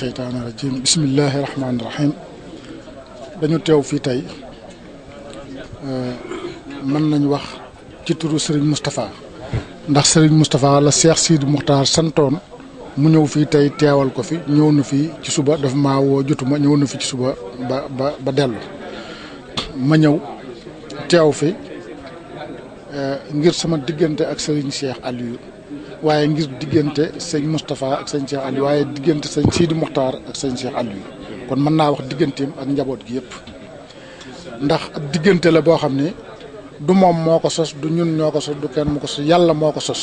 seytaane rajim bismillahi rahmaani dañu teew fii tey euh, mën nañ wax ci turu Serigne Moustapha ndax sëriñ Moustapha la Cheikh Sidi Moukhtar santoon mu ñëw fii tey teewal ko fi ñëw na fii ci suba daf maa woo jotuma ñëw na fi ci suba ba dellu ma ñëw teew fi euh, ngir sama diggante ak Serigne Cheikh Aliou waaye ngir diggante sëñ Moustapha ak sëñ Cheikh Aliou waaye diggante sëñ Sidi Mokhtar ak sëñ Cheikh Aliou kon mën naa wax digganteem ak njaboot gi yëpp ndax ab diggante la boo xam ne du moom moo ko sos du ñun ñoo ko sos du kenn mu ko sos yàlla moo ko sos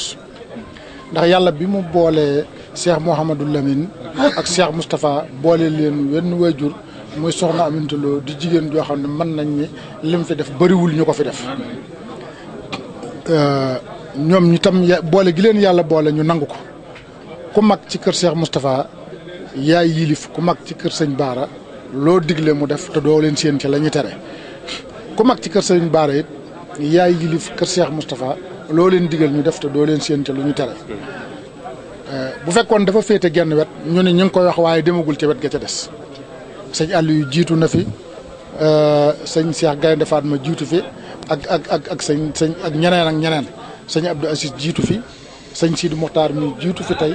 ndax yàlla bi mu boolee Cheikh Mouhamadou Lamine ak Cheikh Moustapha boole leen wenn waajur muy soxna Aminta Lo di jigéen joo xam ne mën nañ ni lim fi def bëriwul ñu ko fi def. Euh, ñoom ñu tam boole gi leen yàlla boole ñu nangu ko ku mag ci kër seex Moustapha yaay yilif mag ci kër sëñ Baara loo digle mu def te doo leen séen ci la ñuy tere ku mag ci kër sëñ Baara yaay yilif kër Cheikh Moustapha loo leen digal ñu def te doo leen séen ci lu ñu tere euh, bu fekkoon dafa féete genn wet ñu ne ñu ngi koy wax waaye demagul ci wet ga ca des sëñ Aliou jiitu na fi euh, sëñ Cheikh Gaynde ma jiitu fi ak ak ak ak sëñ sëñ ak ñeneen ak ñeneen. sëñ Abdou Aziz jitu fi sëñ sidou Mokhtar mi jitu fi tay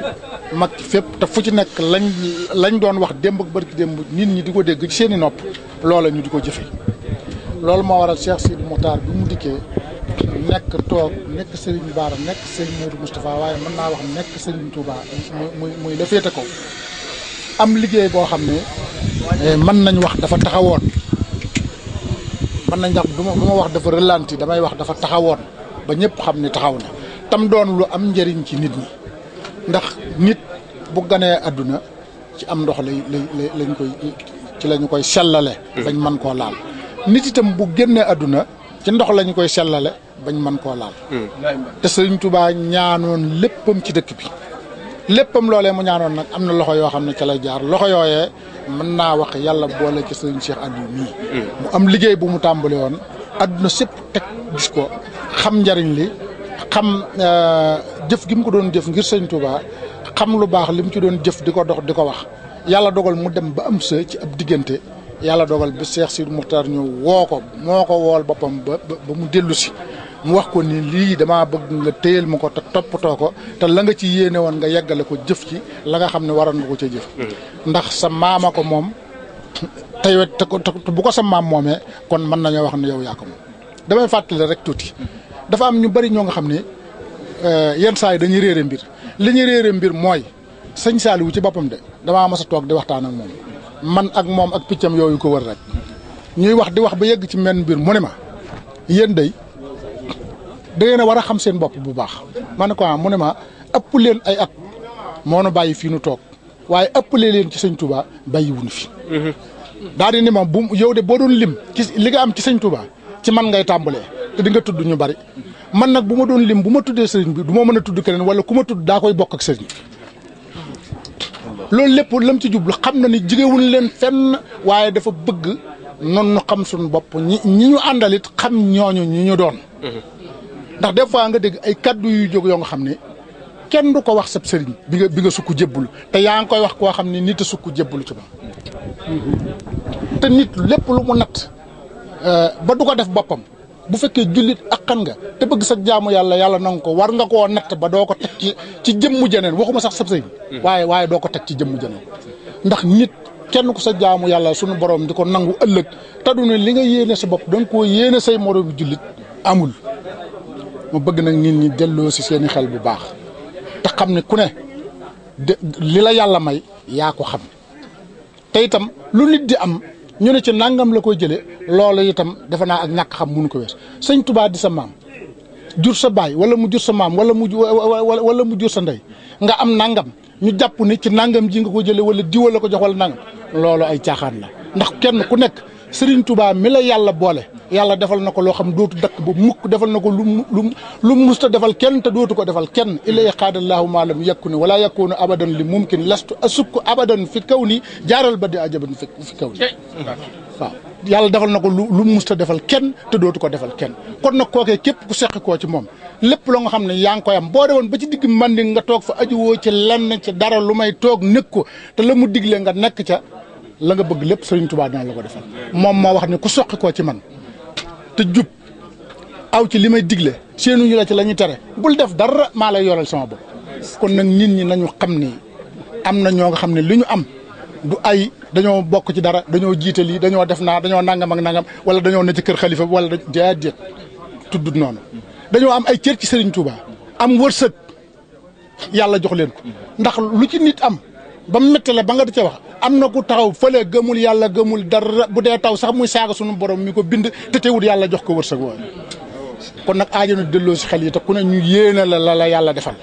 mak fep ta fu ci nek lañ lañ doon wax demb ak barki demb nit ñi di ko ci seeni nopp loolu ñu di ko loolu mo waral Cheikh sidou Mokhtar bu mu diké nek tok nek Serigne bar nek Serigne Modou mustapha waye man na wax nek Serigne Touba muy muy muy la ko am liggéey bo xam ne eh, nañ wax dafa taxawoon man nañ wax duma ma wax dafa relanti damay wax dafa taxawoon ba ñepp xam ni taxaw na tam doon lu am njariñ ci nit ñi ndax nit bu gané aduna ci am ndox lay lay lañ koy ci lañ koy sellale bañ man ko laal nit itam bu génné aduna ci ndox lañ koy sellale bañ man ko laal te serigne touba ñaanon leppam ci dëkk bi leppam lolé mu ñaanon nak am loxo yo xam ci lay jaar loxo yooyee mën na wax yalla boole ci serigne Cheikh Aliou mi mu am liggéey bu mu tambalé won aduna sepp tek gis ko xam njariñ li xam euh, jëf gi mu ko doon jëf ngir sëñ Touba xam lu baax li mu ci doon jëf di ko dox di ko wax yàlla dogal mu dem ba am sa ci ab diggante yàlla dogal bi Cheikh Sidi Muxtaar ñëw woo ko moo ko wool boppam ba ba mu dellu si mu wax ko nii lii damaa bëgg nga téyel ma ko te toppatoo ko te la nga ci yéene woon nga yeggale ko jëf ci la nga xam ne waroon nga ko ca jëf hmm. ndax sa maama ko moom tey te bu ko sa maam moomee kon mën nañoo wax ne yow yaa ko moom damay fàttali rek tuuti dafa am ñu bari ñoo nga xam ne euh, yenn saa yi dañuy réere mbir li ñuy réere mbir mooy sëñ Saliou ci boppam de damaa mas a toog di waxtaan moom man ak moom ak piccam yooyu ko wër rek ñuy wax di wax ba yegg ci menn mbir mu ne ma yéen day da war a xam seen bopp bu baax ma ne ko ah, mu ne ma ëpp leen ay at moo nu bàyyi fii nu toog waaye ëpp leen ci sëñ Touba bàyyi wuñu fi. Mm-hmm. daal di ni ma bu yow de boo doon lim ci li nga am ci sëñ Touba. ci man ngay tambalé té di nga tuddu ñu bari man nak buma doon lim buma tuddé sëriñ bi duma mëna tuddu a keneen wala kuma tudd da koy bokk ak sëriñ lool lepp lam ci jublu xam na ni wuñ leen fenn waaye dafa bëgg noonu xam suñu bop ñi ñu andalit xam ñoñu ñi ñu doon ndax des fois nga dégg ay kaddu yu jog yo nga xam kenn du ko wax sab sëriñ bi nga bi nga suku jébbul té ya nga koy wax ko nit suku sukk ci ba té nit lepp lu mu nat Euh, ba du ko def boppam bu fekkee jullit ak xan nga te bëgg sa jaamu yàlla yàlla nangu ko war nga koo natt ba doo ko teg ci ci jëmmu jeneen waxuma sax sab sëy hmm. waaye waaye doo ko teg ci jëmm jeneen ndax nit kenn ko sa jaamu yàlla sunu borom di ko nangu ëllëg te du ne li nga yéene sa bopp da koo yéene say moromu jullit amul ma bëgg nag nit ñi delloo si seeni xel bu baax te xam ne ku ne li la yàlla may yaa ko xam te itam lu nit di am ñu ne ci nangam la koy jëlee loolu itam defe naa ak ñàkk xam munu ko wees sëñ Tuubaa di sa maam jur sa baay wala mu jur sa maam wala mu wala mu jur sa ndey nga am nangam ñu jàpp ni ci nangam ji nga ko jëlee wala diwa la ko jox wala nangam loolu ay caaxaan la ndax kenn ku nekk. Serigne Touba mi la yàlla boole yàlla defal na ko loo xam dootu dakk bu mukk defal na ko lu lu lu musta defal kenn te dootu ko defal kenn illa qaadallaahu maa lam yakuni wala yakunu abadan li mumkin lastu asukku abadan fi kaw ni jaaral ba di ajaban fi fi kaw ni waaw yàlla defal na ko lu lu musta defal kenn te dootu ko defal kenn kon nag kookee képp ku seqi koo ci moom lépp loo nga xam ne yaa ngi koy am boo woon ba ci digg mandi nga toog fa aju woo ci lenn ci dara lu may toog nekk ko te la mu digle nga nakk ca la nga bëgg lépp Serigne Touba dina la ko defal moom moo wax ne ku soqi koo ci man te jub aw ci li may digle seenu ñu la ci lañuy tere bul def dara maa lay yoral sama bopp kon nag nit ñi nañu xam ni am na ñoo nga xam ne li ñu am du ay dañoo bokk ci dara dañoo jiital yi dañoo def naa dañoo nangam ak nangam wala dañoo ne ci kër xalifa wala déedéet tudd noonu dañoo am ay cër ci Serigne Touba am wërsëg yàlla jox leen ko ndax lu ci nit am ba mu ba nga di ca wax am na ku taxaw fële gëmul yàlla gëmul dara bu dee taw sax muy saaga sunu borom mi ko bind te teewut yàlla jox ko wërsëg wooyu kon nag aajo na delloo si xel yi te ku ne ñu yéene la la la yàlla defal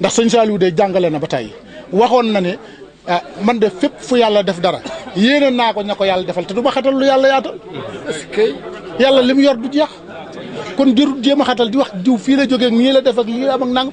ndax sëñ de jàngale na ba tey waxoon na ne ah, man de fépp fu yàlla def dara yéene naa ko ña ko yàlla defal te du ma xatal lu yàlla yaatal yàlla li mu yor du jeex kon jërut jéem a xatal di wax jiw fii la jógee ñii la def ak lii am ak nangam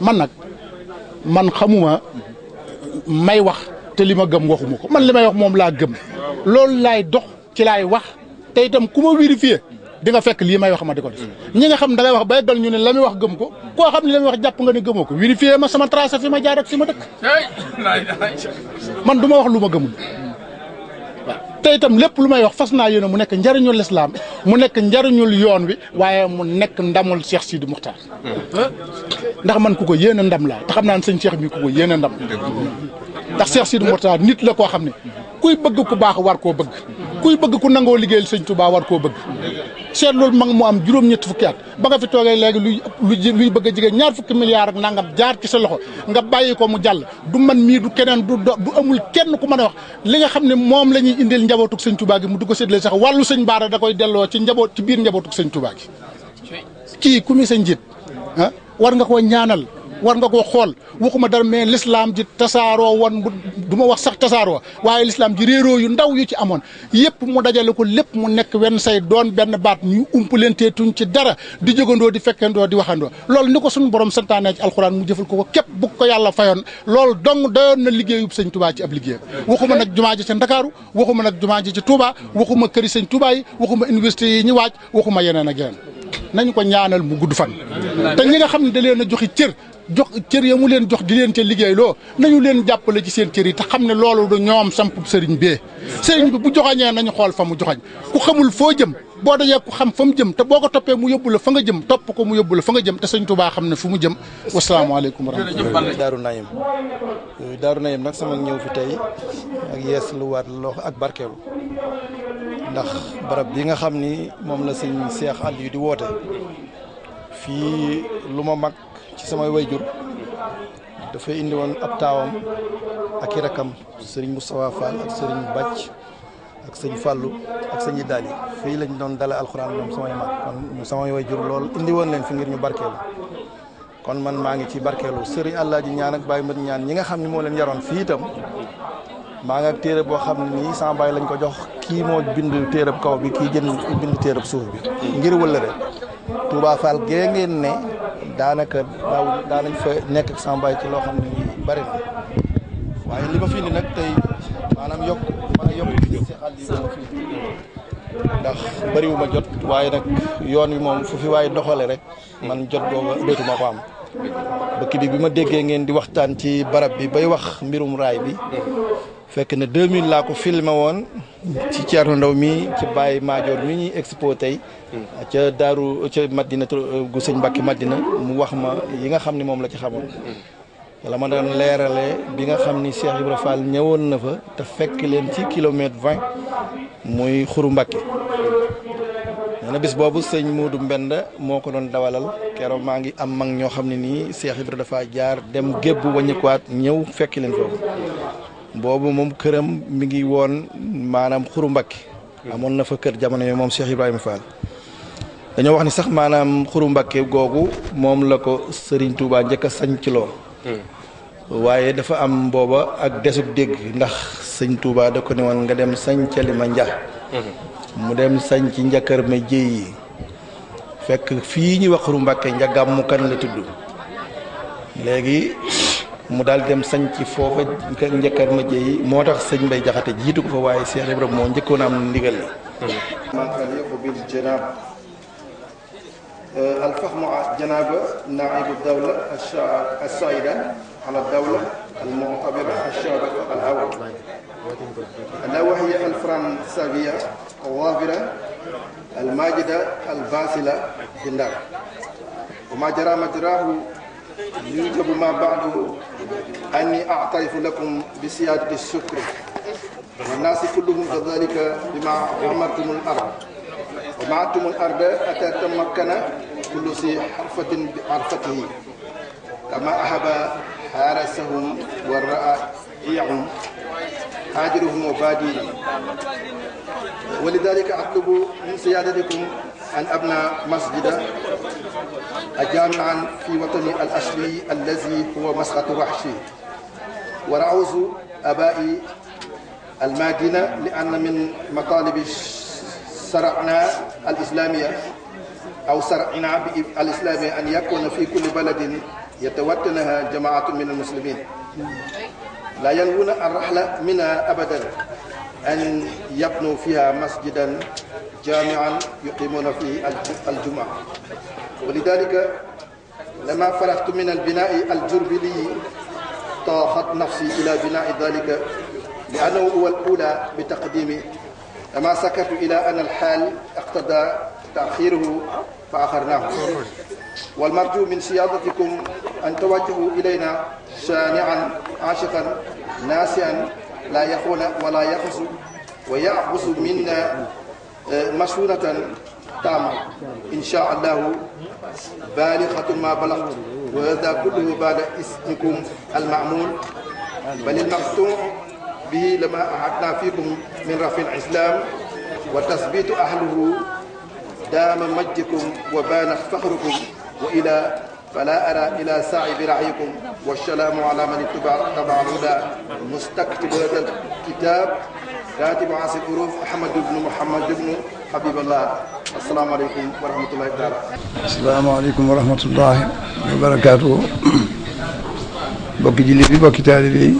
man nag man xamuma may wax te li ma gëm waxuma ko man li may wax moom laa gëm loolu laay dox ci laay wax tey tam ku ma vérifié di nga fekk lii may wax ma di ko def ñi nga xam da ngay wax ba eggal ñu ne la muy wax gëm ko koo xam ne la muy wax jàpp nga ne gëmoo ko vérifié ma sama tracé fi ma jaar ak ma dëkk man du ma wax lu ma gëmul tey itam lépp lu may wax fas naa yéene mu nekk njariñul lislaam mu nekk njariñul yoon wi waaye mu nekk ndamul Cheikh Sidi Muxtaar hmm. ndax man ku ko yéene ndam laa te xam naa ne sëñ Cheikh mi ku ko yéene ndam ndax Cheikh Sidi Muxtaar nit la koo xam ne kuy bëgg ku baax war koo bëgg kuy bëgg ku nangoo liggéeyal sëñ Touba war koo bëgg seet loolu mag mu am juróom-ñetti fukki at ba nga fi toogee léegi luy luy bëgg a jege ñaar fukki milliards ak nangam jaar ci sa loxo nga bàyyi ko mu jàll du man mii du keneen du du amul kenn ku mën a wax li nga xam ne moom la ñuy indil njabootuk sëñ Touba gi mu du ko séddale sax wàllu sëñ Baara da koy delloo ci njaboot ci biir njabootuk sëñ Touba gi kii ku sa njiit ah, war nga koo ñaana war nga koo xool waxuma dara mais lislaam ji tasaaroo woon du ma wax sax tasaaroo waaye lislaam ji réeroo yu ndaw yu ci amoon yëpp mu dajale ko lépp mu nekk wenn say doon benn baat ñu umpalanteetuñ ci dara di jógandoo di fekkandoo di waxandoo loolu ni ko suñu borom santaane ci alxuraan mu jëfal ko ko képp bu ko yàlla fayoon lool dong doyoon na liggéeyub sëñ Touba ci ab liggéeyam waxuma nag jumaa ji ca Ndakaaru waxuma nag jumaa ji ci Touba waxuma këri sëñ Touba waxuma université yi waxuma yeneen ak yeneen nañu ko ñaanal mu gudd fan te ñi nga xam ne da leen a joxi cër jox cër ya mu leen jox di leen cee liggéey loo nañu leen jàppale ci seen cër yi te xam ne loolu da ñoom samp sëriñ bee sëriñ bi bu joxañee nañu xool fa mu joxañ ku xamul foo jëm boo dajee ku xam fa mu jëm te boo ko toppee mu yóbbu la fa nga jëm topp ko mu yóbbu la fa nga jëm te sëñ Tuubaa xam ne fu mu jëm wasalaamaaleykum wa rahmatulah daaru nayim euh, daaru nayim nag sama ñëw fi tey ak yees lu waat loo ak barkeelu ndax barab bii nga xam ni moom la sëñ Seex Aliou di woote fii lu ma mag ci samay wayjur dafay indi woon ab taawam ak i rekkam sëriñ Moustapha Fall ak sëriñ Bàcc ak sëñ Fallou ak sëñ Idaali fii lañ doon dala alxuraan moom samay mag kon samay jur lool indi woon leen fi ngir ñu barkeelu kon man maa ngi ci barkeelu sëriñ Alaaji ñaan ak Baye Mat ñaan ñi nga xam ni moo leen yaroon fii itam maa ngi ak téere boo xam ne nii sama baay lañ ko jox kii moo bind téereb kaw bi kii jënd bind téereb suuf bi ngir wëllëre Touba Fall daanaka daaw daa nañ fa nekk ak sambaay ci loo xam ne nii bëri na waaye li ma fi nag tey maanaam yokk ma yokk si xal yi ndax bëriwu jot waaye nag yoon wi moom fu fi waaye doxale rek man jot googa dootuma ko am bëkk bi bi ma déggee ngeen di waxtaan ci barab bi bay wax mbirum raay bi fekk na 2000 laa ko filmé woon ci Thierno Ndaw mi ci Baye maajoor mi ñuy expo tey ca daaru ca Madina gu sëñ Mbàkke Madina mu wax ma yi nga xam ne moom la ci xamoon la ma doon leeralee bi nga xam ni Cheikh Ibra Fall ñëwoon na fa te fekk leen ci kilomètre 20 muy xuru Mbàkke nee na bis boobu sëñ Moodu Mbend moo ko doon dawalal keroog maa ngi am mag ñoo xam ne nii Cheikh Ibra dafa jaar dem gébb waññikuwaat ñëw fekk leen foofu boobu moom këram mu ngi woon maanaam xuru mbakki amoon na fa kër jamono yooyu moom Cheikh Ibrahima Fall dañoo wax ni sax maanaam xuru mbakki googu moom la ko sëriñ Touba njëkk a sañ ci waaye dafa am booba ak desug dégg ndax sëñ Touba da ko ne woon nga dem sañ ca li ma nja mu dem sañ ci njakkar ma jéy yi fekk fii ñuy wax xuru mbàkke njagam mu kan la tudd léegi mu dal dem sañ ci foofa njëkkar ma jey motax sëñ Mbay Jaxate jitu ko fa waye Cheikh Ibra moo njëkkoon am ndigal li mankal yëpp bil janaab alfahmu janaaba naibu dawla assaida ala dawla المعتبرة الشابكة الأول ألا وهي الظافرة الماجدة الباسلة في النار وما جرى مجراه يوجب ما بعد أني أعترف لكم بسيادة الشكر والناس كلهم كذلك بما عمرتم الأرض ومعتم الأرض أتى تمكن كل ذي حرفة بحرفته كما أهب حارسهم ورائعهم هاجرهم وبادي ولذلك أطلب من سيادتكم أن أبنى مسجدا جامعا في وطني الأصلي الذي هو مسقط وحشي ورعوز أبائي الماجنة لأن من مطالب شرعنا الإسلامية أو شرعنا الإسلامية أن يكون في كل بلد يتوطنها جماعة من المسلمين لا ينوون الرحلة منا أبدا أن يبنوا فيها مسجدا جامعا يقيمون فيه الجمعة ولذلك لما فرغت من البناء الجربلي طاحت نفسي إلى بناء ذلك لأنه هو الأولى بتقديمه لما سكت إلى أن الحال اقتضى تأخيره فأخرناه والمرجو من سيادتكم أن توجهوا إلينا شانعا عاشقا ناسئا لا يخون ولا يخص ويعبس منا آه، مشهورة تامة إن شاء الله بالغة ما بلغت وهذا كله بعد اسمكم المعمول بل المقطوع به لما أعدنا فيكم من رفع الإسلام وتثبيت أهله دام مجدكم وبان فخركم وإلى فلا أرى إلى سعي برعيكم والسلام على من اتبع الهدى مستكتب هذا الكتاب كاتب عاصي الحروف أحمد بن محمد بن حبيب الله السلام عليكم ورحمة الله تعالى السلام عليكم ورحمة الله وبركاته bokki julli bi bokki taalibe yi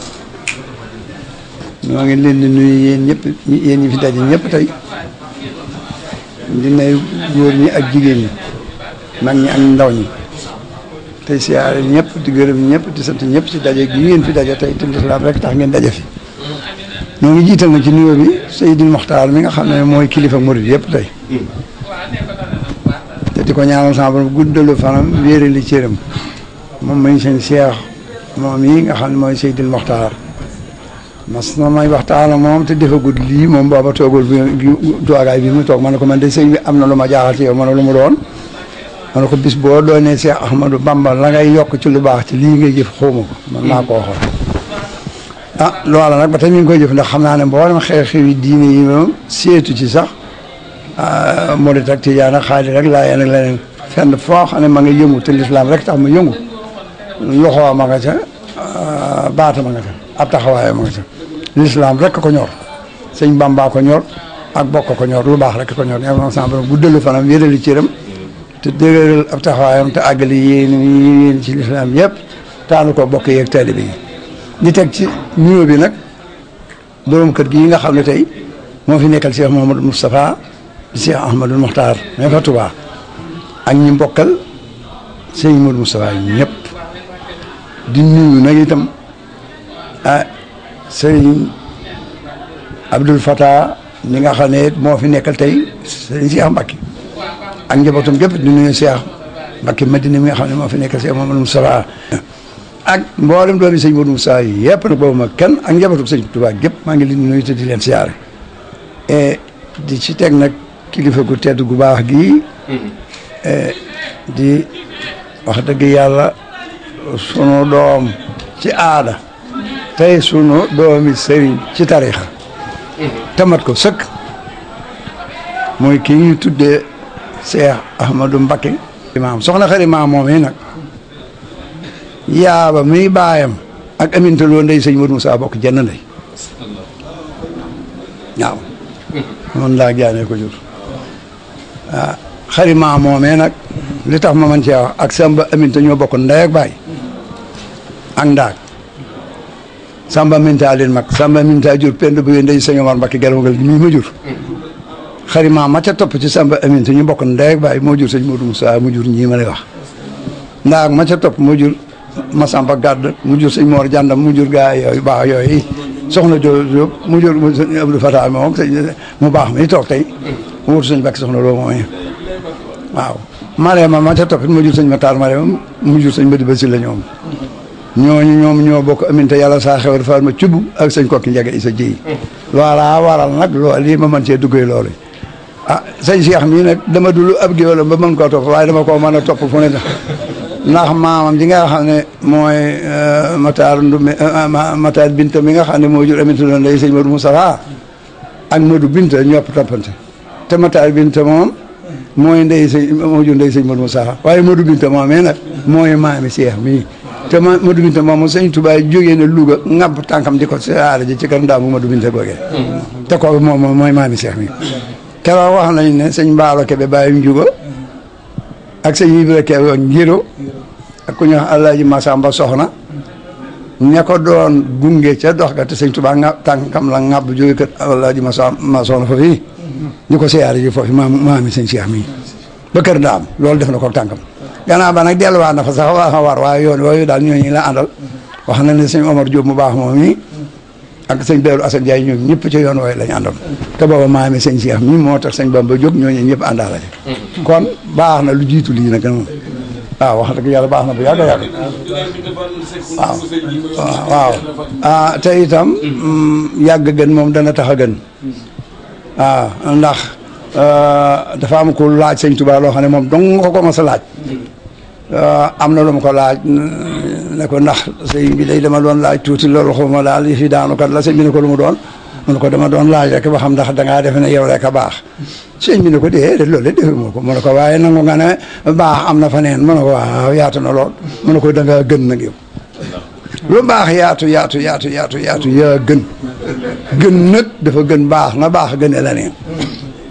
noo ngi leen di nuyu yéen ñëpp yéen ñi fi daje di nay goor ñi ak jigeen ñi nak ñi ak ndaw ñi tay siyaare ñepp di gëreem ñepp di sant ñepp ci dajje gi ñeen fi dajje tay rek tax ngeen dajje fi ñoo ngi jiital na ci nuyoo bi Seydil mi nga xam ne mooy kilifa murid yëpp tey te di ko ñaanal sama borom guddalu fanam wéere li cëram moom mañ seen seex moom yi nga xam ne mooy Seydil Mokhtar mas na may waxtaan ak moom te defagul lii moom booba toogul bi toogaay bi mu toog ma ne ko man de sëñ bi am na lu ma jaaxal ci yow ma ne lu mu doon ma ne ko bis boo doonee Seex Ahmadou Bamba la ngay yokk ci lu baax ci lii ngay jëf xawma ma man naa ko ah loola nag ba tey mi ngi koy jëf ndax xam naa ne mboolem xew-xewi diine yi moom seetu ci sax ah, murit ak tijaan ak xaadir rek laayeen ak leneen fenn foo xam ne ma nga yëngu te lislaam rek tax ma yëngu loxo ma nga ca ah, baata ma nga ca taxawaay ma nga lislaam rek ko ñor sëñ Bamba ko ñor ak bokk ko ñor lu baax rek ko ñor ña moom sama borom guddalu fanam wéerali cëram te dëgëral ab taxawaayam te àggali yéen yéen ci lislaam yëpp taanu ko bokk yeeg taalibe yi di teg ci nuyoo bi nag borom kër gi yi nga xam ne tey moo fi nekkal Cheikh Mouhamadou Moustapha di Cheikh Ahmadou Mokhtar ma fa Touba ak ñi mbokkal sëñ Modou Moustapha yi ñëpp di nuyu nag itam ah sëñ Abdoul ñi nga xam ne moo fi nekkal tey sëñ Cheikh Mbacke ak njabootam gépp di nuyu Cheikh Mbacke Madina mi nga xam ne moo fi nekkal Cheikh Mouhamadou Moustapha ak mboolem doomi sëñ Modou Moussa yëpp nag boobu ma kenn ak njabootu sëñ Touba gépp maa ngi leen di nuyu te di leen siyaare e di ci teg nag kilifa gu tedd gu baax gi mm-hmm. e, di wax dëgg yàlla sunu doom ci aada tey sunu doomi sëriñ ci tarixa mm-hmm. tamat ko sëkk mooy kii ñu tuddee Cheikh Ahmadou soxna xari maam yi nag yaaba mi baayam ak aminta loo ndey sëñ Modou Moussa bokk jenn ndey waaw noonu laa jaanee ko jur ah xarima moomee nag li tax ma man cee ak Samba Aminta ñoo bokk ndey ak baay ak ndaag Samba Aminta leen mag Samba Aminta jur pend bu wee ndey sëñ Omar Mbakke garabagal mii ma jur xarima ma ca topp ci Samba Aminta ñu bokk ndey ak baay moo jur sëñ Modou Moussa mu jur ñii ma lay wax ndaag ma topp moo jur Masamba Gàdd mu jur sëñ Moor Jàndam mu jur gaa yooyu baax yooyu soxna Jóob mu jur sëñ Abdou Fatah moom mu baax mi toog tey mu wut sëñ Bakki soxna loo waaw Marema ma ca toppit mu jur sëñ Matar Marema mu jur sëñ Madi Basi la ñoom ñooñu ñoom ñoo bokk aminte yàlla saa xewar faal ma cubb ak sëñ kokki njege isa jiy loola waral nag loo lii ma mën cee duggee loolu ah sëñ Cheikh mii nag dama dulu ab géwalam ba mën koo koo a topp fu ne ndax maamam ji nga xam ne mooy euh, Matar Ndumbe euh, euh, Matar Binta mi nga xam ne moo jur Aminata doon day sëñ Modou Moustapha ak Modou Binta ñopp toppante te Matar Binta moom mooy ndey sëñ moo jur ndey sëñ Modou waaye Modou Binta moomee nag mooy maami Seex mii te Modou Binta mu sëñ Touba jógee na Louga ŋàbb tànkam di ko siyaare ji ci kër ndaamu Modou Binta googee hmm. te kooku moom mooy maami Seex mi keroog wax nañ ne sëñ Mbaalo Kebe bàyyim juga ak sëñ Ibra Kebe Ngiro ak ku ñuy wax Alaaji Masamba Soxna ña ko doon gunge ca dox ga te sëñ Tuubaa nga la ŋàbb jóge kër Alaaji Masamba Soxna fa fii ñu ko siyaare ji foofu maam maami sëñ Cheikh mi ba daam loolu def na ko tànkam gannaaw ba nag delluwaat na waa war waaye yoon daal ñooñu la àndal wax na ne sëñ Omar baax moom ak sëñ Daaru Asan Njaay ñoom ñëpp ci yoon wooye lañu àndoon te booba maa amee sëñ Cheikh mi moo tax sëñ Bamba jóg ñooñu ñëpp àndaale mm-hmm. kon baax na lu jiitu lii nag moom waaw wax dëgg yàlla baax na bu yàgg a yàgg waaw waaw ah te itam mm, yàgg gën moom dana tax a gën waaw ah, ndax ah, dafa am ku laaj sëñ Tuubaa loo moom dong ko ko mas a laaj ah, am na lu mu ko laaj ne ko ndax sëñ bi dama doon laaj tuuti loolu xawma fi daanu kat la sëñ ko lu mu doon ko dama doon laaj rek ba xam ndax dangaa defe ne yow rek a baax sëñ bi ne ko dee loolu de defe moo ko mu ne ko waaye nangu nga ne baax am na fa neen mu yaatu na lool mu ne ko dangaa gën nag yow lu baax yaatu yaatu yaatu yaatu yaatu yaa gën gën nag dafa gën baax na baax gëne la neen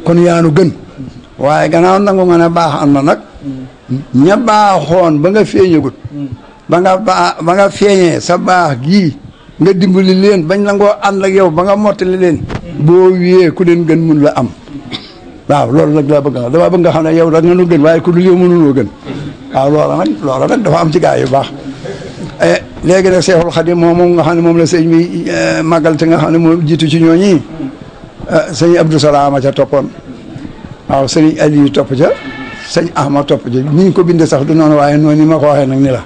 kon yaanu gën waaye gannaaw nangu nga ne baax am na nag ña baaxoon ba nga feeñagut ba nga ba nga feeñee sa baax gi nga dimbali len bañ ngo and ak yow ba nga motali len bo wiyee ku leen gën mën la am waaw loolu nak la bëgg a dama bëgg nga xam yow da nga nu gën waye ku dul yow lo gën waaw loolu nak loolu nag dafa am ci gaay yu baax eh, léegi nag Seexul Xadim moom mom nga xam mom la sëñ bi eh, màggal te nga xam mom jitu jiitu ci ñooñi eh, sëñ Abdou Salaama ca topon waaw sëñ ali topp ca sëñ Ahmad topp ca ni ko bindé sax du non waye noni ma ko ni la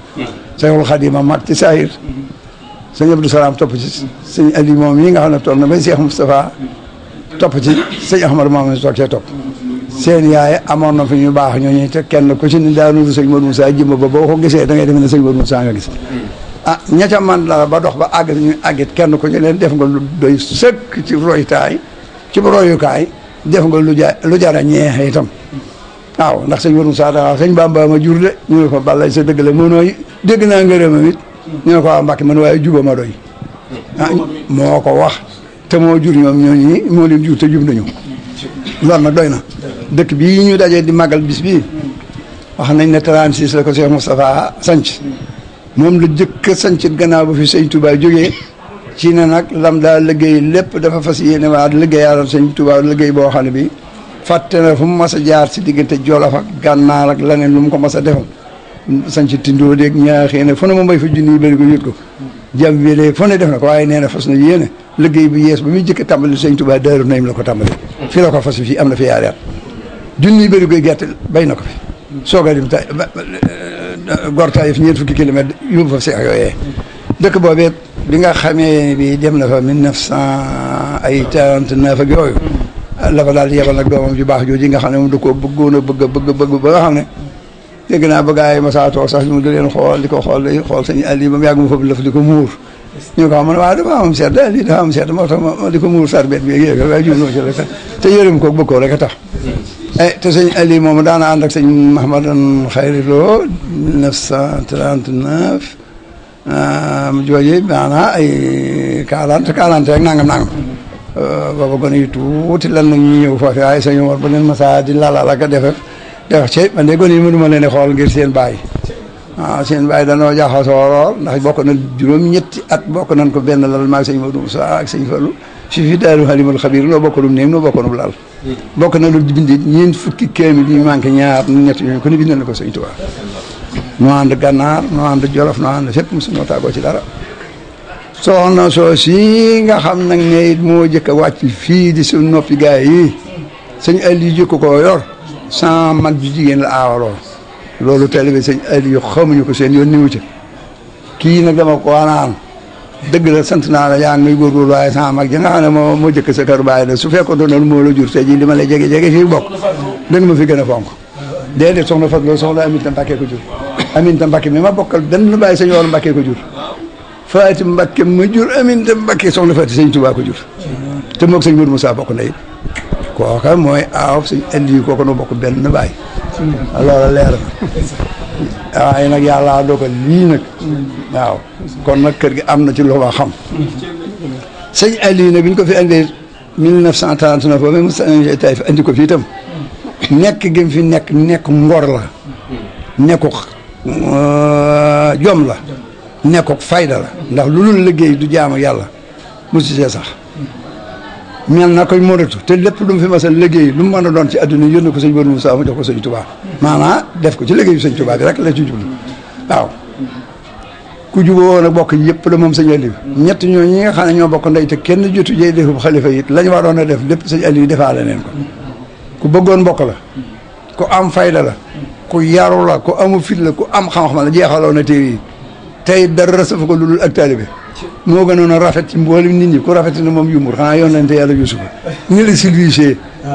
Seexul Xadiim a mag ci saahir sëñ Abdou Salaam topp ci sëñ Ali moom yi nga xam ne toog na bay Seex Moustapha topp ci sëñ Ahmad moom mi toog cee topp seen yaay amoon na fi ñu baax ñooñu te kenn ku ci ne daa nuru sëñ Modou Moussa jëmba ba boo gisee da ngay defe ne sëñ Modou Moussa nga gis ah man dara ba dox ba àgg ñu àggit kenn ku ci leen def nga lu doy sëkk ci roytaay ci royukaay def nga lu ja lu jara ñeexe itam waaw ndax sëñ Modou Moussa daa sëñ Bamba ma jur de ñu ne ko ballay sa dëgg la mënoo dégg naa ngërëmam it ñu ne ko waa ah, Mbàkke man waaye juba ma doy ah, moo ko wax te moo jur ñoom ñooñu moo jur te jub nañu loolu nag doy na dëkk bii ñu dajee di màggal bis bii wax nañ ne 36 la ko Cheikh Moustapha sanc moom la jëkk a sanc gannaaw ba fi sëñ Touba jóge ci ne nag lam daa liggéey lépp dafa fas yéene waa liggéeyaaral sëñ Touba liggéey boo xam ne bi fàtte na fu mu mas jaar si diggante Jolof ak gànnaar ak leneen lu mu ko mas a defal sañ ci tindoo déeg ñaaxee ne fu ne mu may fa junni yu bëri ko yót ko ko waaye nee na fas na yéene liggéey bu yees ba muy jëkk tàmbali sëñ Tuubaa Daaru Naim la ko tàmbali fi la ko fas am na fi yaari at junni yu bëri gerte bay na ko fi sooga dim ta eh, gorta yëf ñeent fukki kilomètre yóbbu fa seex yooyee dëkk boobee bi nga xamee bi dem na fa min neuf cent ay trente neuf ak la fa daal di yebal nag doomam ju baax jooju nga xam ne moom da koo bëggoon a bëgg a bëgg bëgg ba nga xam ne dégg naa bëggaay masaatoo sax mu di leen xool di ko xool di xool sëñ Aliou ba mu yàgg mu fab lëf di ko muur ñu ko xam man waaw dafa am sedd lii dafa am sedd moo tax ma di ko muur sarbet bi yéeg waaye jubloo ci rek te yërëm ko bëgg ko rek a tax e te sëñ Aliou moom daana ànd ak sëñ Mahamadan Xayri Lo 1939 ah, jooju maanaam ay 40 40 rek nangam nangam Euh, booba gone yi tuuti lan la ñuy ñëw foofu waaye sëñ Omar bu leen masa di lalaal ak a defef def ci man de gone yi mënuma leen xool ngir seen baay waaw ah, seen baay danoo jaxasoo lool ndax bokk na juróom-ñetti at bokk nañ ko benn lal maag sëñ Modou Moussa ak sëñ Fallou su fi daaru Halimul Xabir noo bokkalum néeg noo bokkalum lal bokk na lu bindi ñeent fukki kéemi yu manqué ñaar ñetti ñooñu ko ne bindal na ko sëñ Tuubaa noo ànd gànnaar noo ànd jolof noo ànd fépp mosuñoo tàggoo ci dara soxna soo si nga xam nag ne it moo jëkk a wàcc fii di suñu noppi gaay yi sëñ Aliou jëkk koo yor sans mag ju jigéen la aawaloon loolu tele bi sëñ Aliou xamuñu ko seen yoon niwu ci kii nag dama ko naan dëgg la sant naa la yaa ngay góorgóorlu waaye mag jëkk sa kër bàyyi la su fekkoon doon loolu moo la jur te ji li ma lay jege jege fii bokk danga ma fi gën a fonk déedéet soxna Fatou loolu soxna Aminta Mbacke ko jur Aminta Mbacke mi ma bokkal benn bàyyi sëñ Oro Mbacke ko jur Faati Mbakke ma jur Aminta Mbakke soxna Faati sëñ Tuubaa ko jur te moog sëñ Mourou Moussa bokk na kooka mooy aaw sëñ indi kooka nu bokk benn baay loola leer na waaye nag yàlla dogal lii nag kon nag kër gi am na ci lu ma xam sëñ Aliou nag bi ñu ko fi andee 1939 ba même sëñ Taïf andi ko fi itam nekk gi mu fi nekk nekk ngor la nekku euh, jom la nekkook fayda la ndax lu dul liggéey du jaamu yàlla mosu see sax mel na koy mënatu te lépp lu mu fi mas a liggéey lu mu mën a doon ci adduna yónni ko sëñ Bourou Moussa mu jox ko sëñ Touba maanaa def ko ci liggéeyu sëñ Touba bi rek la ci jublu waaw ku juboo woon ak bokk yëpp la moom sëñ Aliou ñett ñooñu ñi nga xam ne ñoo bokk ndey te kenn jotu jey defub xalifa yi lañu waroon a def lépp sëñ Aliou defaale leen ko ku bëggoon bokk la ku am fayda la ku yaru la ku amu fit la am xam la jeexaloon na téere tey dara saf ko lu dul ak taalibe moo gënoon a rafet ci mboolem nit ñi ku rafet na moom yumbur xanaa yoon nañ te yàlla yusufa ni la silvisé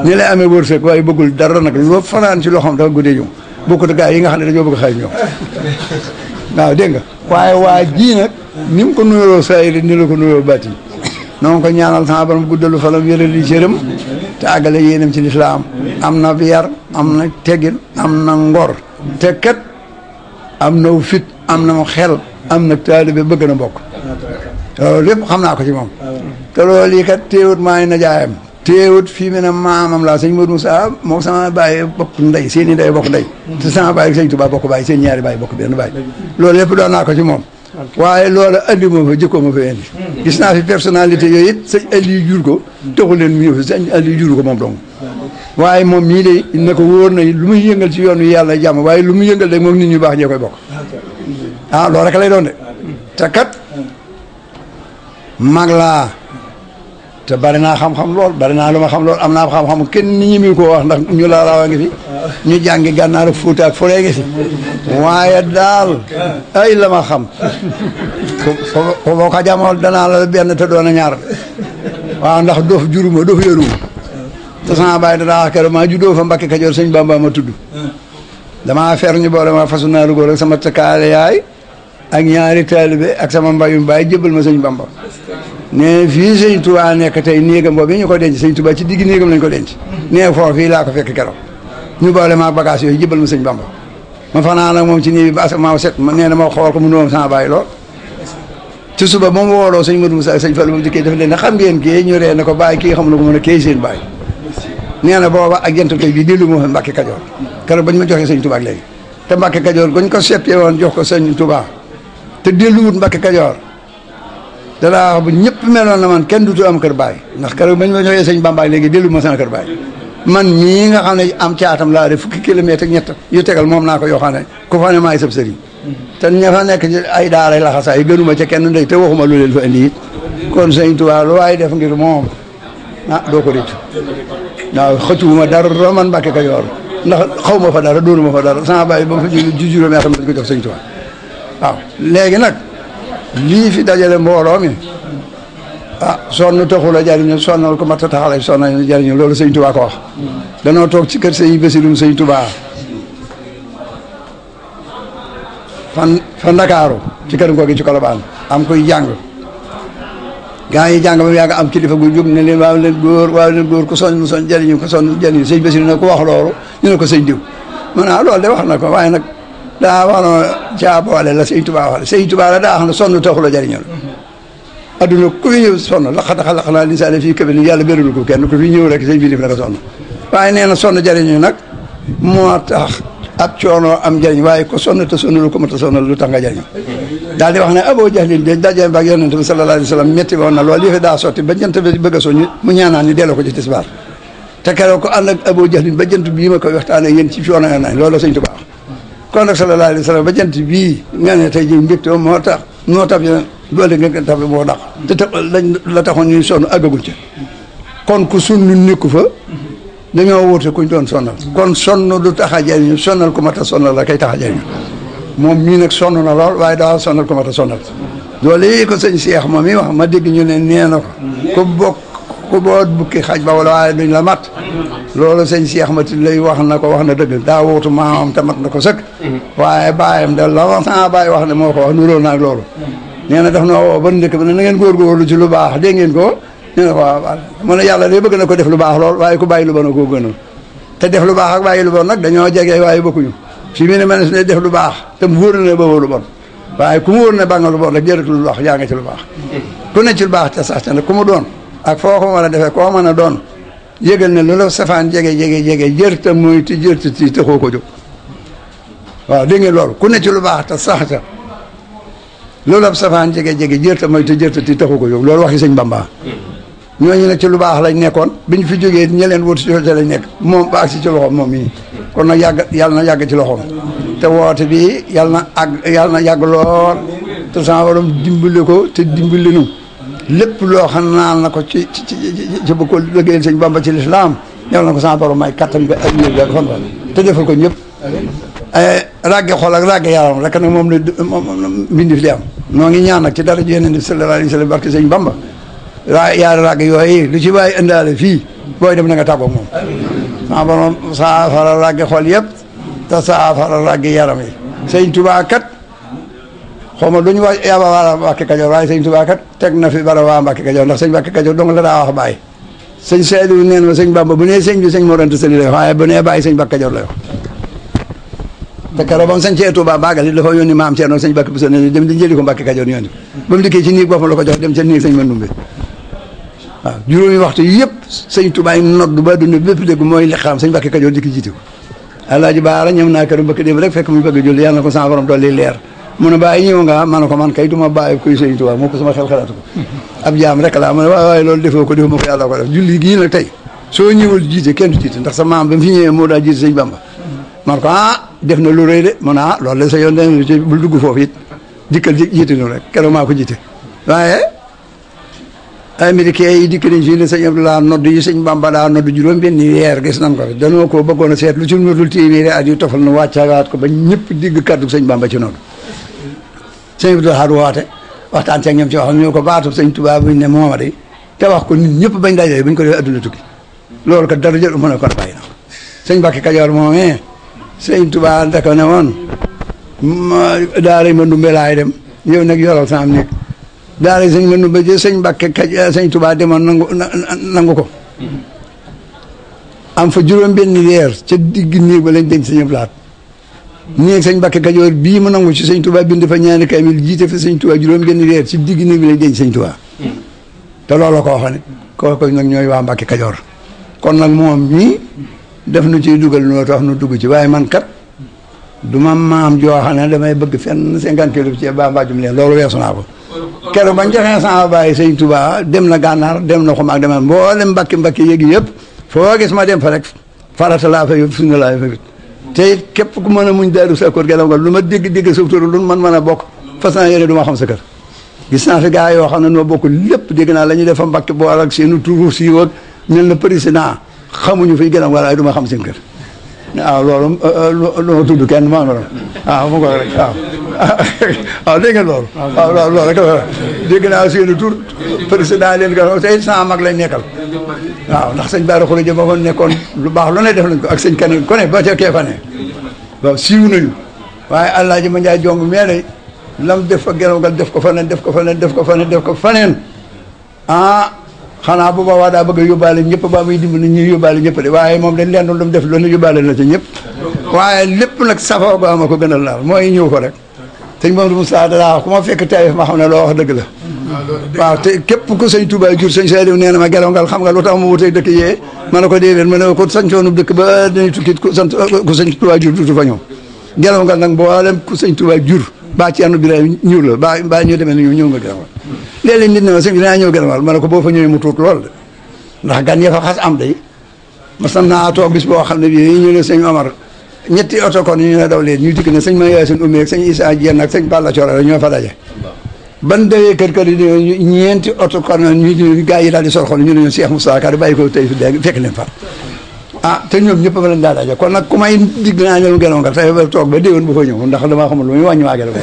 ni la amee wërsëg waaye bëggul dara nag loo fanaan ci loo xam dafa guddee ñoom bokkut gaa yi nga xam ne dañoo bëgg xaaj ñoom waaw dégg nga waaye waa ji nag ni mu ko nuyoo sayri ni la ko nuyoo bàtti noo ngi ko ñaanal sama borom guddalu falam wéral li cëram te àggale yéenam ci lislaam am na yar am na tegin am na ngor te na fit am na xel am nag taalibe bëgg na bok loolu lépp xam naa ko ci moom te loolu yi ka téewut maa ngi na jaayam téewut fii mu ne maamam laa sëñ Modou Moussa moom sama bàyyi bokk ndey seen i ndey bokk ndey te sama bàyyi sëñ Touba bokk bàyyi seen ñaari bàyyi bokk benn bàyyi loolu lépp doon naa ko ci moom waaye loolu andi moo fa jëkkoo ma fa indi gis naa fi personnalité yooyu it sëñ jur ko taxul leen mu ñëw fi jur ko moom dong waaye moom mii de na ko wóor na lu muy yëngal ci yoon wi yàlla jàmm lu muy yëngal de moom nit ñu baax ñee koy ah lo rek lay don de te kat mag laa te bari naa xam-xam lol bari naa lu xam lol amna xam-xam ken ni ñi mi ko wax ndax ñu la rawa ngi fi ñu jangi gànnaar Fuuta ak furee ngi fi waaye dal ay lama xam ko ko ko jamool dana la ben te doon ñaar wa ndax doof juruma doof te sama ma ju fa Bamba ma tuddu dama fer ñu boole ma fasuna lu gol sama tëkkaale yaay ak ñaari taalibe ak sama mbayum baay jébbal ma sëñ Bamba ne fii sëñ Touba nekk tey néegam boobu ñu ko denc sëñ Touba ci digg néegam lañ ko denc nee foofu fii laa ko fekk keroog ñu boole maa bagage yooyu jébbal ma sëñ Bamba ma fanaan ak moom ci néeg ba asamaa ma nee na ma xool ko mu nuwoom sama baay lool ci suba moom wooloo sëñ Modou Moussa ak sëñ Fallou leen ne xam ngeen kii ñu ree ko bàyyi kii a kii seen bàyyi nee na booba ak jant koy bi dellu moo fa Mbàkke Kajoor keroog bañ ma joxee sëñ Touba ak léegi te Mbàkke Kajoor bañ ko seppee woon jox ko sëñ tubaa te delluwut Mbàkke Kajoor danaa wax bu ñëpp meloon na man kenn dutu am kër baay ndax keroog bañ ma ñëwee sëñ Bamba léegi dellu ma sama kër baay man mii nga xam ne am caatam laa def fukki kilomètre ak ñett yu tegal moom naa ko yoo xam ne ku fa ne maay sab sëriñ te ña fa nekk ay daaray laxasaa yi gënuma ca kenn ndey te waxuma lu leen fa indi it kon sëñ Tuubaa lu waaye def ngir moom ah doo ko rëccu waaw xëccuwuma dara man Mbàkke Kajoor ndax xaw ma fa dara doonu ma fa dara sama baay ba ma fa ju juróomi atam dañ ko jox sëñ Tuubaa waaw léegi nag lii fi dajale mbooloo mi ah sonn taxul a jariñu sonnal ko mat a taxale jariñu loolu sëñ Tuubaa ko wax danoo toog ci kër sëñ Basirum sëñ Tuubaa fan fan Ndakaaru ci kër ngoo gi ci Kolobaan am koy jàng gaa yi jàng ba mu yàgg am kilifa gu jóg ne leen waaw leen góor waaw leen góor ku sonn son jariñu ko sonn jariñu sëñ Basiru ne ko wax loolu ñu ne ko sëñ diw mu ne ah loolu de wax na ko waaye nag daa wax na la sëñ Tuubaa wax la sëñ Tuubaa la daa wax na sonn taxul a jariñoo la adduna ku fi ñëw sonn laqataxa laq naa lisaane fii kabin yàlla bérul ko kenn ku fi ñëw rek sëñ bi def na nga waaye nee na sonn nag moo tax ab coono am jariñ waaye ko sonn te sonal ko ma te sonal lu tax nga jariñ wax ne aboo jahlin de daje ba ak yonent na loolu yëfe daa sotti ba jant bi bëgg a soñu mu ñaanaan ñu delloo ko ci tisbaar te keroog ko ànd ak aboo ba jant bii ma koy waxtaanee yéen ci coono yoon nañ loolu sëñ Tuubaa kon nag sallallahu alayhi wa sallam ba jant bii nga ne tey ji mbégte moo tax noo ta yo doole nga ngeen tabli boo ta lañ la taxoon ñuy sonn àggaguñ ca kon ku sunnu nekku fa dañoo wóote kuñ doon sonnal kon sonn du ta a ñu sonnal ku ma a sonnal la kay tax a jariñu moom mii nag sonn na lool waaye daa sonnal ku mat a sonnal doole yi ko sëñ Seex moom mi wax ma dégg ñu ne nee ko ku bokk ku boot bukki xaj ba wala waaye duñ la mat loolu sëñ Cheikh Mati lay wax na ko wax na dëgg daa wuutu maamam te na ko sëkk waaye baayam da la wax sama baay wax ne moo ko wax nuróo naag loolu nee na daf na woo ban ndëkk ba ne na ngeen góorgóorlu ci lu baax dégg ngeen ko nee na ko waaw mu ne yàlla day bëgg na ko def lu baax lool a koo gënal te def lu baax ak bàyyi lu bon nag dañoo jege waaye bokkuñu fi mu ne ne def lu baax te mu wóor ne boobu lu bon waaye ku mu wóor ne ba nga lu bon rek jërëtul lu nga lu baax ku ne ci lu baax te sax te nag ak fooko ko war a defee koo mën a doon yëgal na loolu safaan jege jege jege jërta mooy ti jërta ti taxoo ko jóg waaw dégg ngeen loolu ku ne ci lu baax te sax ta loolu ab safaan jege jege jërta te jërta ti taxoo ko jóg loolu waxi sëñ Bamba ñooñu ne ci lu baax lañ nekkoon biñ fi jógee ñe wut si coote lañ nekk moom ba agsi ci loxoom moom mii kon na yàgg yàlla na yàgg ci loxoom te woote bi yàlla na àgg yàlla na yàgg lool dimbali ko te dimbali nu lépp loo xam naan na ko ci ci ci ci bëgg ko liggéeyal sëñ Bamba ci lislaam yal na ko sama borom may katam bi ak ñëw ak fan te defal ko ñëpp eh, ragge xol ak ragge yaram rek nag moom la moom mbindif li am noo ngi ñaan nag ci dara ji yeneen di sallallahu alayhi wa sallam barke sëñ Bamba raa yaari ragge yooyu lu ci bàyyi indaale fii booy dem na nga tàggoog moom sama borom saafara ragge xol yëpp te saafara ragge yaram yi sëñ xaw ma lu ñu wax waa Mbàkke Kajoor waaye sëñ Tuubaa teg na fi bara waa Mbàkke Kajoor ndax sëñ Mbàkke Kajoor dong la daa wax bàyyi sëñ sañ neen bu nee sëñ bi sëñ Mor Anta Sali lay wax bàyyi sëñ Mbàkke Kajoor lay wax te keroog ba mu sañ cee Tuubaa baagal it dafa yónni maam Ceerno sëñ Mbàkke Buso ne di jëli ko Mbàkke Kajoor yónni ba mu dikkee ci nii boppam la ko jox dem ca nii sëñ Mandumbe waaw yëpp sëñ Tuubaa yi nodd ba dund bépp mooy liqaam sëñ Mbàkke Kajoor dikki jiite ko alaaji baara ñëw naa këram bëkk démb rek fekk muy bëgg julli yàlla na ko sa borom dolli leer mu ne bàyyi ñëw nga ma ne ko man kay du ma bàyyi kuy sëriñ Tuubaa moo ko sama ko ab jaam rek laa ma ne waaye waaye loolu defoo ko defoo ma ko yàlla ko def julli gii nag tey soo ñëwul jiite kenn du jiite ndax sa maam ba mu fi ñëwee moo daa jiite sëñ Bamba ma ne ko ah def na lu rëy de mu ne ah loolu la sa yoon de bul dugg foofu it dikkal jiite ñu rek keroog maa ko jiite waaye américain yi dikk nañ fii ne sëñ Abdoulaye nodd yi sëñ Bamba daa nodd juróom benn weer gis nañ ko fi danoo ko bëggoon a seet lu ci noddul téeméeri at yu tofal na wàccaawaat ko ba ñëpp digg kaddu sëñ Bamba ci noonu sëñ bi Abdoul Ahad woote waxtaan ko baatu sëñ Tuubaa te wax ko nit ñëpp bañ dajee buñ ko defee adduna tukki loolu kat dara jël a kon bàyyi na sëñ Mbàkke Kajoor moomee eh, sëñ Tuubaa da ko ne woon daara ma ndumbe laay dem yow nag yoral saam nekk daara sëñ ma ndumbe jë sëñ Mbàkke Kajoor sëñ Tuubaa demoon nangu nangu ko am fa juróom benn weer ca digg néeg ba lañ denc sëñ nii sañ bakki Kajoor bii mu nangu ci sëñ tubaa bind fa ñaari kaamil jiite fa sëñ Tuubaa juróom benn weer ci digg néeg bi lañ denc sëñ Tuubaa te looloo ko waxoon ko ko nag ñooy waa Mbàkke Kajoor kon nag moom ñii def nu ci dugal noo tax nu dugg ci waaye man kat du ma maam joo ne damay bëgg fenn cinquante kilo ci baa mbaajum leen loolu weesu naa ko keroog bañ joxee sama bàyyi sëñ dem na gànnaar dem na xumaag dem na mboolem mbakki mbakki yéegi yëpp foo gis ma dem fa rek farata te it képp ku mën a muñ daaru sa kër gelaw nga lu ma dégg dégg sa tur lu man mën a bokk façon yére du ma xam sa kër gis naa fi gars yoo xam ne noo bokk lépp dégg naa la ñuy defa mbàkk bool ak seenu turu si woog mel na président xamuñu fi gelaw a waaye du ma xam seen kër waaw loolu euh, euh, lu ma tudd kenn maa a waaw mu ko rek waaw waaw ah, dégg ngeen loolu waaw ah, ah, waaw loolu rek dégg naa seeni tur président leen ko tey sama mag lañ nekkal waaw ndax sëñ Bara Khourédia ma fa nekkoon lu baax lu ne def nañ ko ak sëñ Kane ku ne ba ca kee fa ne waaw siiw nañu waaye Alaaji ma Njaay jong mee ne lam def fa gënaw gal def ko faneen def ko faneen def ko faneen def ko faneen ah xanaa bu boobaa daa bëgg a yóbbaale ñëpp ba muy dimbali ñuy yóbbaale ñëpp de waaye moom dañ leen doon def loolu yóbbaale na ci ñëpp waaye lépp nag safoo ko ama ko gënal laal mooy ñëw ko rek sëñ Mamadou Moussa danaa ku ma fekk tey ma xam ne loo wax dëgg la waaw te képp ku sëñ Touba jur sëñ Saliou nee na ma gelaw ngal xam nga lu tax ma wutee dëkk yee ma ko déedéet ma ne ko sancoonub dëkk ba dañuy tukkit ku sant ku sëñ Touba jur duutu fa ñëw gelaw ngal nag mboolem ku sëñ Touba jur baa ci ànd bi lay ñuur la baa baa ñoo demee nañu ñëw nga gelaw léeg-léeg nit ne ma sëñ bi dinaa ne ko boo fa ñëwee mu tuut lool ndax gan ya fa xas am day mas naa toog bis boo xam ne bii ñu ne sëñ Omar ñetti oto kon ñu ne daw leen ñu dikk ne sëñ ma yaay seen ummi ak sëñ Issa Diène ak Balla Coro ñoo fa daje ban kër kër yi ñeenti oto kon ñu gaa yi daal di sorxoon ñu ne Cheikh Moussa Ka bàyyi ko tey fi dégg fekk leen fa ah, te ñoom ñëpp fa leen daa kon nag ku may digg naa ñoom gënoon nga tey ba toog ba déwén bu fa ñëw ndax xamul lu muy wàññi waagele ko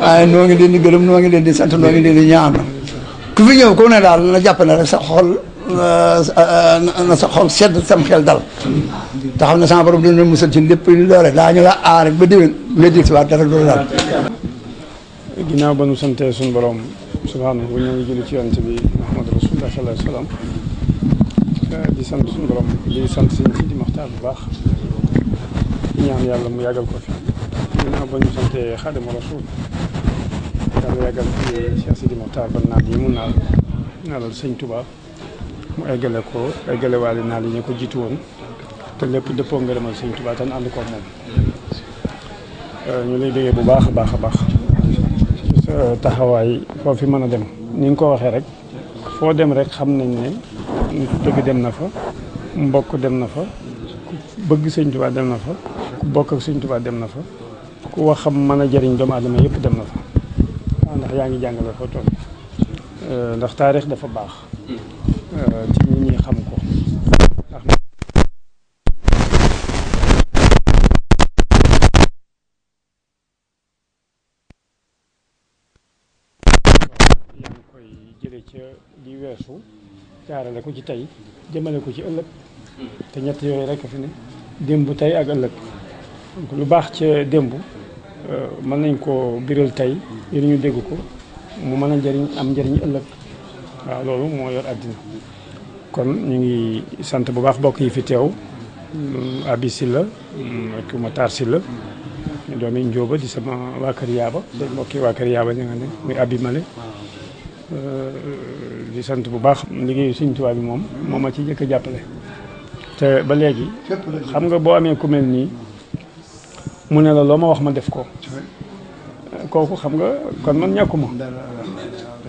waaye noo ngi leen di gërëm noo ngi leen di sant noo ngi leen di ñaan ku fi ñëw ku ne daal na jàpp ne sa xol na sa xol sedd sam xel dal taxaw na sama borom dina musal ci lépp lu doore daa ñu la aar ba déwén nga dégg si waat dara doo daal ginnaaw ba nu santee suñu borom subhanahu ñoo ngi julli ci yonent bi Muhammad rasulullah sallallahu alayhi wa sallam di sant suñu borom di sant sëñ si di maxtaar bu baax di ñaan yàlla mu yàggal ko fi ginnaaw ba ñu santee xaadimu rasul yàlla yàggal fi Cheikh Sidi Moxtaar ba naat yi mu naal naalal sëñ Tuubaa mu eggale ko eggale waale naa li ñu ko jiitu woon te lépp dëppoo ngërëmal Sëriñ Tuubaa tan ànd ko moom euh, ñu lay déggee bu baax a baax a baax sa taxawaay foo fi mën a dem ni ko waxee rek foo dem rek xam nañ ne nit dëgg dem na fa mbokk dem na fa ku bëgg Sëriñ Tuubaa dem na fa ku bokk ak Sëriñ dem na fa ku wax xam mën a jëriñ doomu aadama yëpp dem na fa ndax yaa ngi jàngale foo toll euh, ndax taarix dafa baax ci ñi ñuy xam ko ndax yaa ngi koy jële ca li weesu jaarale ko ci tey jëmale ko ci ëllëg te ñett yooyu rekk fi ne démb tey ak ëllëg lu baax ca démb euh, mën nañ ko biral tey yéen ñu dégg ko mu mën a njariñ am njëriñ ëllëg waaw loolu moo yor àddina kon ñu ngi sant bu baax bokk yi fi teew mm, abi silla mm, ak Matar silla doomi njóoba di sama waa kër yaaba te waa kër yaaba ña nga ne muy abi male euh, di sant bu baax liggéeyu Sëñ bi moom moom ma ci njëkk a jàppale te ba léegi xam nga boo amee ku mel nii mu ne la loo ma wax ma def ko kooku xam nga kon man ñàkkuma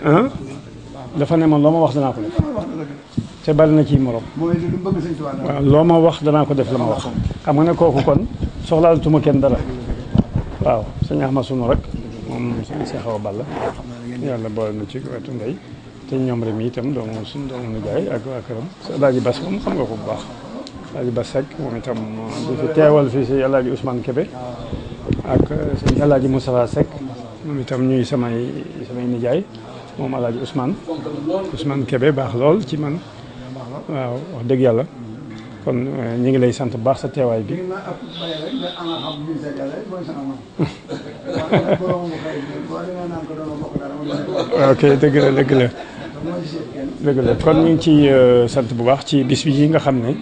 ah dafa ne ma loo ma wax danaa ko def te bari na ci morom waaw loo ma wax danaa ko def la ma wax xam nga ne kooku kon soxlaalatuma kenn dara waaw sëñ Axma sunu rek moom sëñ Cheikh Awa Balla yàlla boole na ci wetu ndey te ñoom rek mi itam doomu suñ doomu nijaay ak waa këram Alaaji Bas moom xam nga ko bu baax Alaaji Bas Seck moom itam di fi teewal fii si Alaaji Ousmane Kébé ak sëñ Alaaji Moustapha Seck moom itam ñuy samay samay nijaay moom El Hadj Ousmane Ousmane baax lool ci man waaw wax dëgg yàlla kon euh, ñu ngi lay sant bu baax sa teewaay bi. ok dëgg la dëgg la dëgg la kon ñu ngi ci euh, sant bu baax ci bis bi yi nga xam ne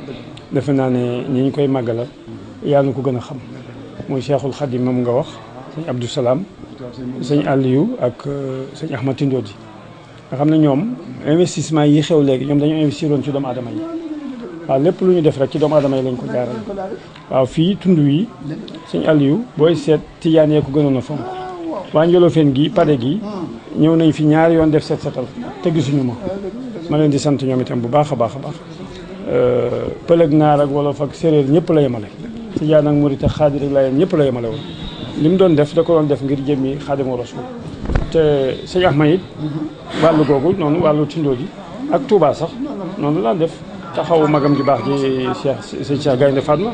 defe naa ne ñu ngi koy màggala yaa ngi ko gën a xam muy Cheikhul Khadim moom nga wax sëñ Abdou Salam sëñ Aliou ak euh, sëñ Ahmad Tindodi xamna ñom investissement yi xew legi ñom dañu investir won ci doom adamay wa lépp lu ñu def rek ci doom adamay lañ ko jaarale wa fi tundu yi señ aliou boy set tiyane ko yee na fam wa ñëlo fen gi pare gi ñëw nañ fi ñaar yoon def set setal te gisuñu ma ma leen di sant ñom itam bu baaxa baaxa baax euh peleg naar ak wolof ak sereer ñëpp la yemale tijaan ak murit ak xaadir ak laayeen ñëpp la yemale woon li doon def da ko doon def ngir jëmi xaadimu rasul te sëñ Axma it mhm. wàllu googu noonu wàllu tindoo ji ak Touba sax noonu laa def taxawu magam ji baax ji Cheikh sëñ Cheikh Gaynde Fatma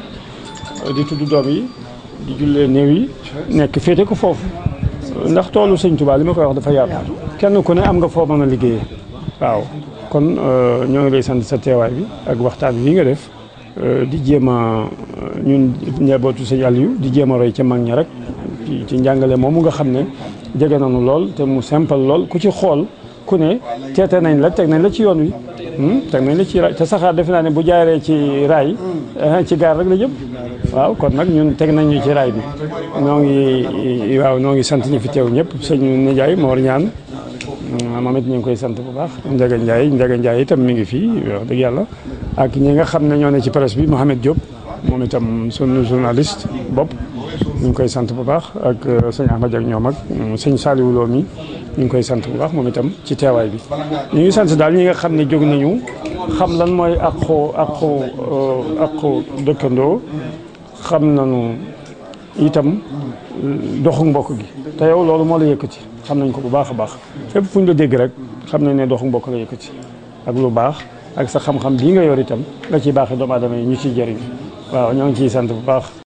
di tudd doom yi di jullee néew yi nekk féete ko foofu ndax toolu sëñ Touba li ma koy wax dafa yaatu kenn ku ne am nga foo mën a liggéeyee waaw kon euh, ñoo ngi lay sant sa teewaay bi ak waxtaan wi nga def euh, di jéem a ñun njabootu sëñ Aliou di jéem a roy ca mag ña rek ci njàngale moomu nga xam ne jege nañu lool te mu simple lool ku ci xool ku ne teete nañ la teg nañ la ci yoon wi hmm, teg nañ la ci raay te saxaar defe naa ne bu jaaree ci raay eh, ci gaar rek la jëm waaw kon nag ñun teg nañ ñu ci raay bi ñoo ngi waaw ñoo ngi sant ñi fi teew ñëpp sëñ moo Mor ñaan hmm, moom it ñu ngi koy sant bu baax Ndiaga Ndiaye Ndiaga Ndiaye itam mi ngi fii wax yàlla ak ñi nga xam ne ñoo ne ci presse bi Mouhamed Diop moom itam sunu journaliste bopp ñu ngi koy sant bu baax ak euh, sëñ Ahmad ak ñoom ak euh, sëñ Saliou Lo mi ñu ngi koy sant bu baax moom itam ci teewaay bi. ñu ngi sant daal ñi nga xam ne jóg nañu xam lan mooy àqu àqu euh, àqu dëkkandoo xam nañu itam doxu mbokk gi te yow loolu moo la yëkkati xam nañ ko bu baax a baax fépp fu ñu la dégg rek xam nañ ne doxu mbokk la yëkkati ak lu baax ak sa xam-xam bii nga yor itam nga ciy baaxee doomu aadama yi ñu ciy jëriñ waaw ñoo ngi ciy sant bu baax.